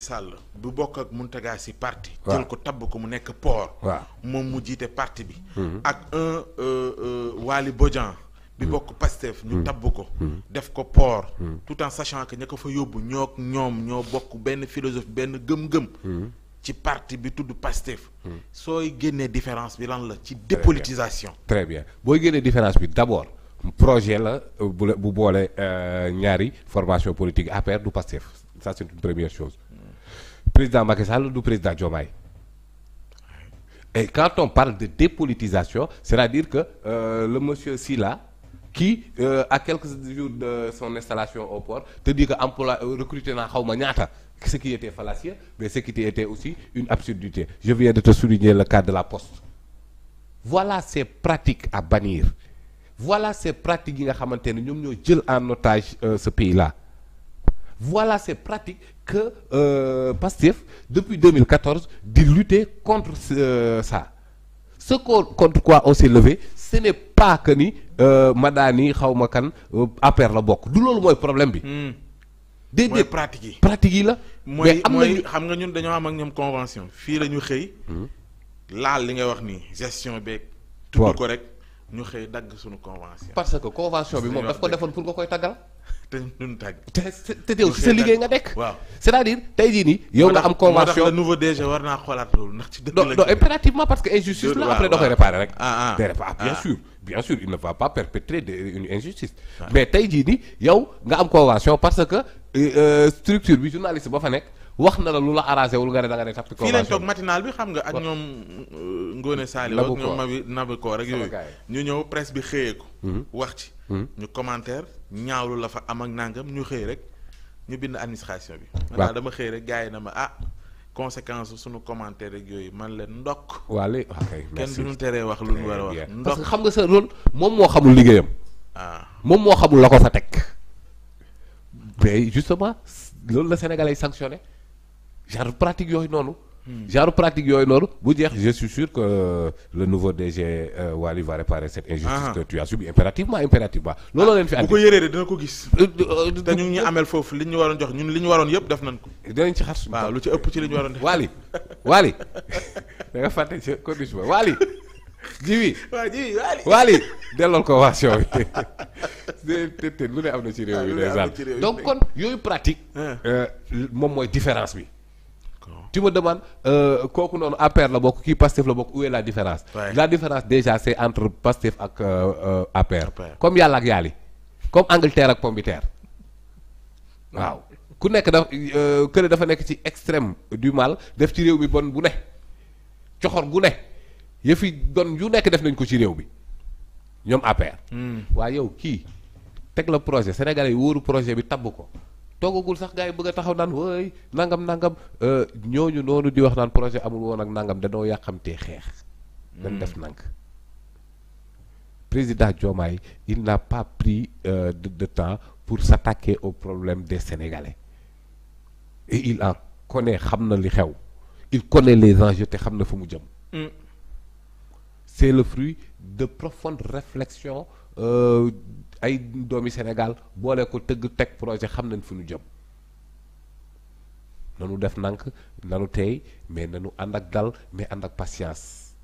Sall bu bokk ak Mountaga si parti jël ko tabb ko mu nekk port moom mu jiite parti bi mhm. ak un euh, euh, Waly Bodian bi mhm. bokk Pastef ñu mhm. tabb ko def ko port tout en sachant que ña ko fa yóbbu ñoo ñoom ñoo bokk benn philosophie benn gëm-gëm ci parti bi tudd Pastef sooy génnee différence bi lan la ci dépolitisation très bien booy génnee différence bi d'abord projet la euh, bu boole ñaari formation politique APR du Pastef ça c'est une première chose président Macky Sall du président Diomaye et quand on parle de dépolitisation c'est-à-dire que euh, monsieur Sylla qui euh, à quelques jours de son installation au port te dit que emploi euh, recruté naa xaw ñaata ce qui était fallacieux mais ce était aussi une absurdité je viens de te souligner le cas de la poste voilà ces pratiques à bannir voilà ces pratiques yi nga xamante ne ñoom ñoo jël en otage euh, ce pays là voilà ces pratiques que euh, Pastef depuis 2014 di lutter contre euh, ça ce contre quoi on s'est levé ce n'est pas que ni euh, Madani xawma kan euh, affaire la bokk du loolu mooy problème bi. Hmm. déedéet pratiques yi pratiques yi la. mooy am nañu mooy xam nga ñun dañoo am ak ñoom convention fii la ñu xëy. Hmm. laal li ngay wax nii gestion beeg. tudd ko rek ñu xëy dagg suñu convention. parce que convention bi moom daf ko defoon pour nga koy taggal. te te te ci sa liggéey nga nekk. waaw c'est-à-dire tey jii nii. yow nga am convention moo tax nouveau naa xoolaat loolu ndax ci dëgg la. non impérativement parce que injustice la après da koy réparer rek. ah ah, ah, ah. bien sûr il ne va pas perpétrer une injustice. Ah. mais tey jii nii yow nga am convention parce que euh, euh, structure bi journaliste ba fa nekk. wax na la lu la arrangé wul nga ne da nga ne fii lañ toog matinal bi xam nga ak ñoom euh, Ngone Saliou ak ñoom Nabi Nabou Koor ak yooyu ñu ñëw presse bi xëyee ko mhm. wax ci Hmm? ñu commentaire ñaawlu la fa am ak nangam ñu xëy rek ñu bind administration bi. waaw dama xëy rek gars yi na ma ah. conséquence suñu commentaire rek yooyu man leen ndokk. waaw kenn du ñu teree wax lu ñu war a wax. ndokk parce que xam nga sa rôle moom moo xamul liggéeyam. ah moom moo xamul la ko sa teg. mais justement loolu la sénégalais sanctionné genre pratique yooyu noonu. Hmm. genre pratique yooyu noonu bu jeex je suis que euh, le nouveau DG euh, Wali va réparer cette injustice ah. que tu as subie impérativement impérativement looloo leen fi ah, andi bu ko gis dañu euh, ñu amel foofu li ñu waroon jox ñun li ñu waroon yëpp def nañ ko dinañ ci xar suñu waaw lu ci ëpp ci li ñu waroon def Wali Wali da nga fàtte ci condition Wali jiwi waaw jiwi waali waali dellool ko waation bi te lu ne am kon yooyu pratique ah. moom mooy différence bi tu me demandes euh, kooku noonu APR la bokk kii Pastef la bokk où est la différence. la différence déjà c'est entre Pastef ak euh, euh, APR. comme yàlla ak yàlli comme Angleterre ak pomme de terre waaw ku nekk daf kële dafa nekk ci extrême du mal def ci réew bi bon bu ne coxor gu ne yëfi don yu nekk def nañ ko ci réew bi ñoom APR. Hmm. waaye yow kii teg la projet sénégal yi wóoru projet bi tab ko. toogagul sax gars bëgg a taxaw naan wooy nangam nangam euh, ñooñu noonu di wax naan projet amul woon ak nangam danoo yàqamtee xeex. dañ def hmm. nank président Diomaye il n'a pas pris euh, de, de temps pour s'attaquer au problème de Sénégalais il en connaît xam na li xew il connaît les enjeux te xam na fu mu jëm. Hmm. c'est le fruit de profondes réflexions. Euh, ay doomi Sénégal boole ko tëgg teg projet xam nañ fu nu jëm nanu def nank nanu tey mais nanu ànd ak dal mais ànd ak patience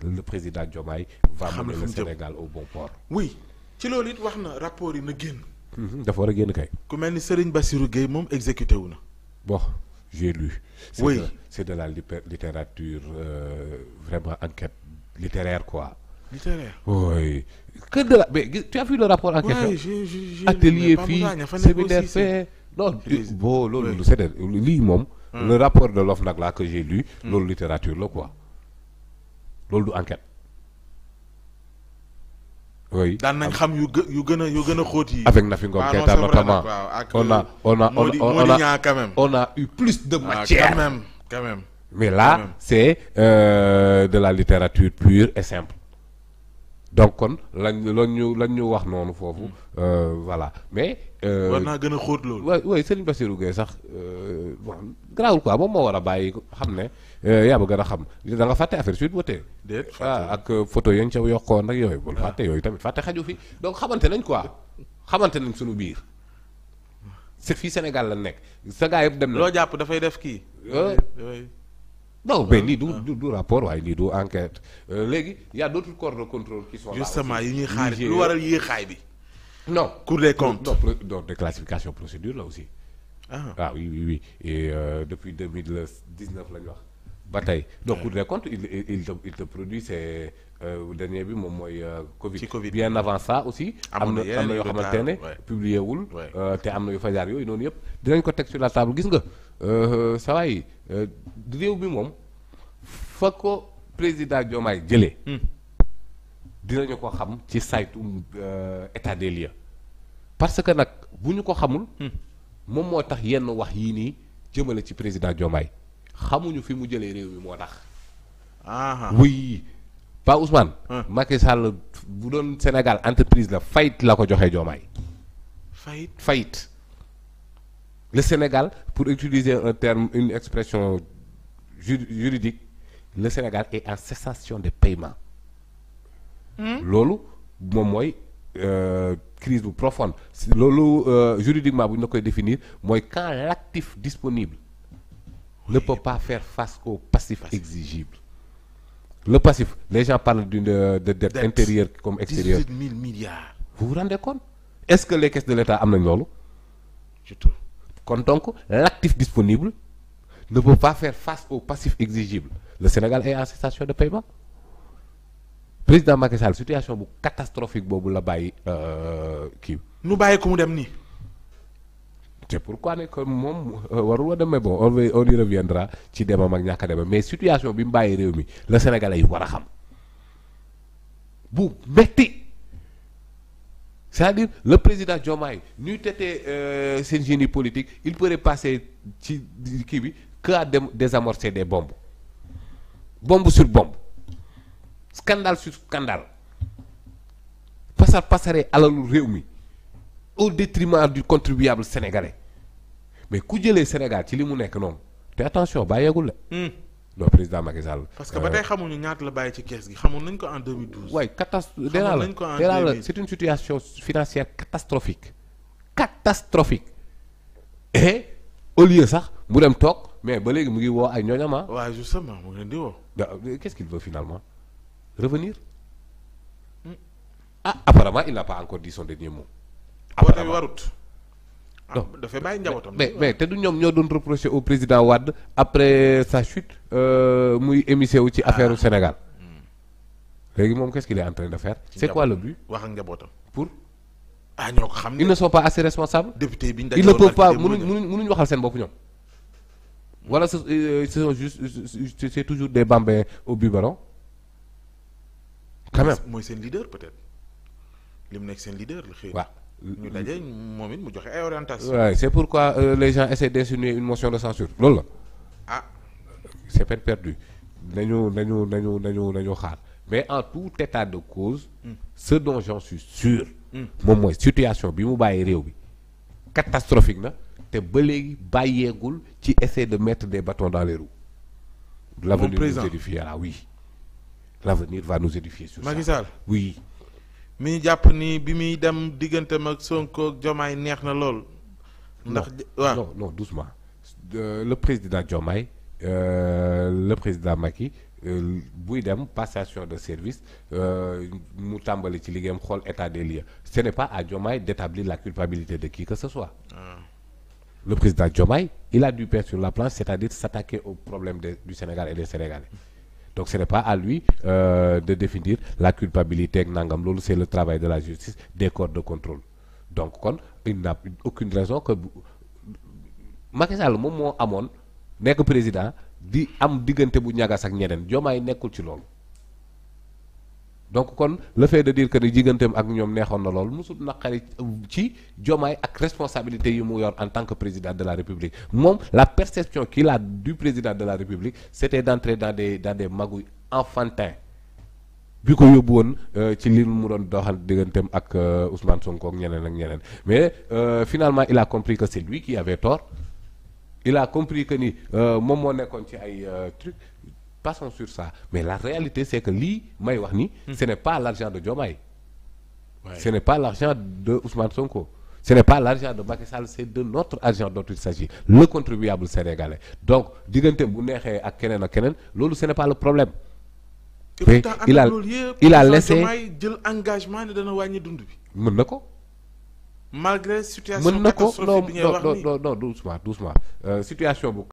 le président Diomaye va mener le Sénégal au bon port ci loolu it wax na rapport yi na génn mhm, dafa war a génn kay ku mel ni Serigne Bassirou Gueye moom exécuté wu na bon j'ai lu oui c'est de la littérature euh, vraiment enquête littéraire quoi littéraire oui. Kër de la mais tu as vu le rapport en question. atelier fii séminaire fee. non boo loolu c'est lii moom. le rapport de l'OFNAC là que j'ai lu. Hmm. loolu littérature la quoi loolu du enquête. oui daan nañ xam yu gë yu gën a yu gën a xóot yi. avec Nafi Ngom notamment euh, on a on a on a on a eu plus de ah, matière. quand même quand même. mais là c'est euh, de la littérature pure et simple. donc kon lañ lañ ñu lañ ñu wax noonu foofu mm. euh, voilà mais. Euh, war naa gën a xóot loolu. waay waay Serigne Bassirou sax euh, bon garaawul quoi moom moo a bàyyi xam ne yaa ba gën a xam da nga fàtte affaire suite wote. Ah, ak photo yañ ca yokkoon ak yooyu. bul ah. fàtte yooyu tamit fàtte xaju fi donc xamante nañ quoi xamante nañ suñu biir. c'est fii Sénégal la nekk sa gaa yëpp dem na. loo jàpp dafay def kii. non mais lii ah, ah. du du rapport waaye lii du enquête euh, léegi y a d'autres corps de contrôle qui sont justement yi ñuy xaar lu waral yii xaay bi non cour des comptes non non déclassification procédure là aussi ah waaw ah, oui oui oui et euh, depuis deux mille dix neuf la ñu wax ba tey donc Cour des comptes il il te il produit c'est euh, dernier bi moom mooy. Euh, Covid Covid bien avant ça aussi. am na na yoo xamante ne publié wul. Euh, te am na yu fajaar yooyu noonu yëpp. dinañ ko teg sur la table gis nga saa waay réew bi moom fa ko président Diomaye jëlee. Hmm. dinañu ko xam ci saytu état des lieux. parce que nag bu ñu ko xamul. Hmm. moom moo tax yenn wax yii nii jëmale ci président Diomaye. xamuñu fi mu jëlee réew mi moo tax. wuy Pa Ousmane. Macky Sall bu doon Sénégal entreprise la fayit la ko joxe joomaay. fayit fayit. le Sénégal pour utiliser un terme une expression ju juridique le Sénégal est en cessation de paiement. loolu moom mooy. Euh, crise bu profonde loolu euh, juridiquement bu ñu la koy définir mooy quand l'actif disponible ne peut pas faire face au passif exigible. Le passif, les gens parlent d'une de, de dette, comme extérieure. 18 000 milliards. Vous vous rendez Est-ce que les caisses de l'État am nañ loolu. je kon donc l'actif disponible ne peut pas faire face au passif exigible. le Sénégal est en de paiement. président Macky situation bu catastrophique boobu la bàyyi euh, kii. nu bàyyi ko mu dem nii. c'est pourquoi ne que moom euh, warul wa demee ci demam ak ñàkk a demam mais situation bi mu bàyyi réew mi la sénégalais yi war a xam bu metti c'est-à-dire le président Diomaye ñuy tetee euh, seen génie politique il pourrait passer ci kii bi que à dem désamorcer des bomb bomb sur bombe scandale sur scandale pasar pasare alalu réew mi au détriment du contribuable sénégalais mais ku jëlee Sénégal ci li mu nekk noonu te attention bàyyeegul la. Hmm. non président Macky Sall. parce que ba euh, tey xamuñu ñaat la bàyyi ci kees gi xamoon nañ ko en 2012. waay waaye dinaa la dinaa la c'est une situation financière catastrophique catastrophique au lieu sax mu dem toog mais ba léegi mu ngi woo ay ñooñam ah. waaw justement mu ngi leen di woo. Euh, qu'est-ce qu'il veut finalement revenir hmm. ah apparemment il n'a pas encore dit son dernier mot. woote bi warut ah, non dafay bàyyi njabootam. mais mais te du ñoom ñoo doon reproché au président Wade après sa chute euh, muy émissé wu ci ah. affaire Sénégal hmm. léegi moom qu'est-ce qu'il est en de faire. c'est quoi le but wax ak njabootam pour. ah ñoo xam ne ne sont pas assez responsables. député bi ñu a ils ne peuvent waxal seen bopp ñoom. Hmm. wala sa euh, ce sont juste c'est toujours des bambins au biberon. quand mooy seen leader peut-être lim nekk seen leader la xëy. ñu daje moom it mu joxe ay orientation waaw c'est pourquoi euh, les gens essaient d'insinuer une motion de censure loolu la ah c'est peine perdue nañu nañu nañu nañu nañu xaar mais en tout état de cause mm. ce dont j'en suis sûr hmm. moom mooy situation bi mu bàyyi réew bi catastrophique na te ba léegi bàyyeegul ci essayer de mettre des bâtons dans les roues l'avenir nous édifiera oui l'avenir va nous édifier sur Macky Sall mi ñu jàpp nii bi muy dem diggante mag Sonko Diomaye neex na lool. ndax waaw non non doucement le président Diomaye euh, le président Macky euh, buy dem passation de service euh, mu tàmbali ci liggéeyam xool état des lieux ce n'est pas à Diomaye d'établir la culpabilité de qui que ce soit. Ah. le président Diomaye il a du pain sur la planche c'est-à-dire s'attaquer au problème du Sénégal et des Sénégalais. donc ce n'est pas à lui euh, de définir la culpabilité ak nangam loolu c'est le travail de la justice des corps de contrôle donc kon il n'a aucune raison que Macky Sall moom moo amoon nekk président di am diggante bu ñagas ak ñeneen Diomaye nekkul ci loolu donc kon le fait de dire que ni jigganteem ak ñoom neexoon na lool musul naqari ci jomaay ak responsabilité yi mu yor en tant que président de la république moom la perception qu'il a du président de la république c'était d'entrer dans des dans des magouilles enfantins bi ko yóbbu woon euh, ci li mu doon doxal digganteem ak euh, Ousmane Sonko ak ñeneen ak ñeneen mais euh, finalement il a compris que c'est lui qui avait tort il compris que ni euh, moom moo nekkoon ci ay trucs passons sur ça mais la réalité c'est que lii may wax ni. ce n'est pas l'argent de Diomaye. Ouais. ce n'est pas l'argent de Ousmane Sonko. ce n'est pas l'argent de Macky Sall c'est de notre argent dont il le contribuable sénégalais donc diggante bu neexee ak keneen ak keneen loolu ce n'est pas le problème. mais il a il a laissé jël engagement ne dana wàññi dund bi. mën na ko. malgré situation catastrophique bi ñuy wax nii mën na ko non non non doucement euh, situation bu.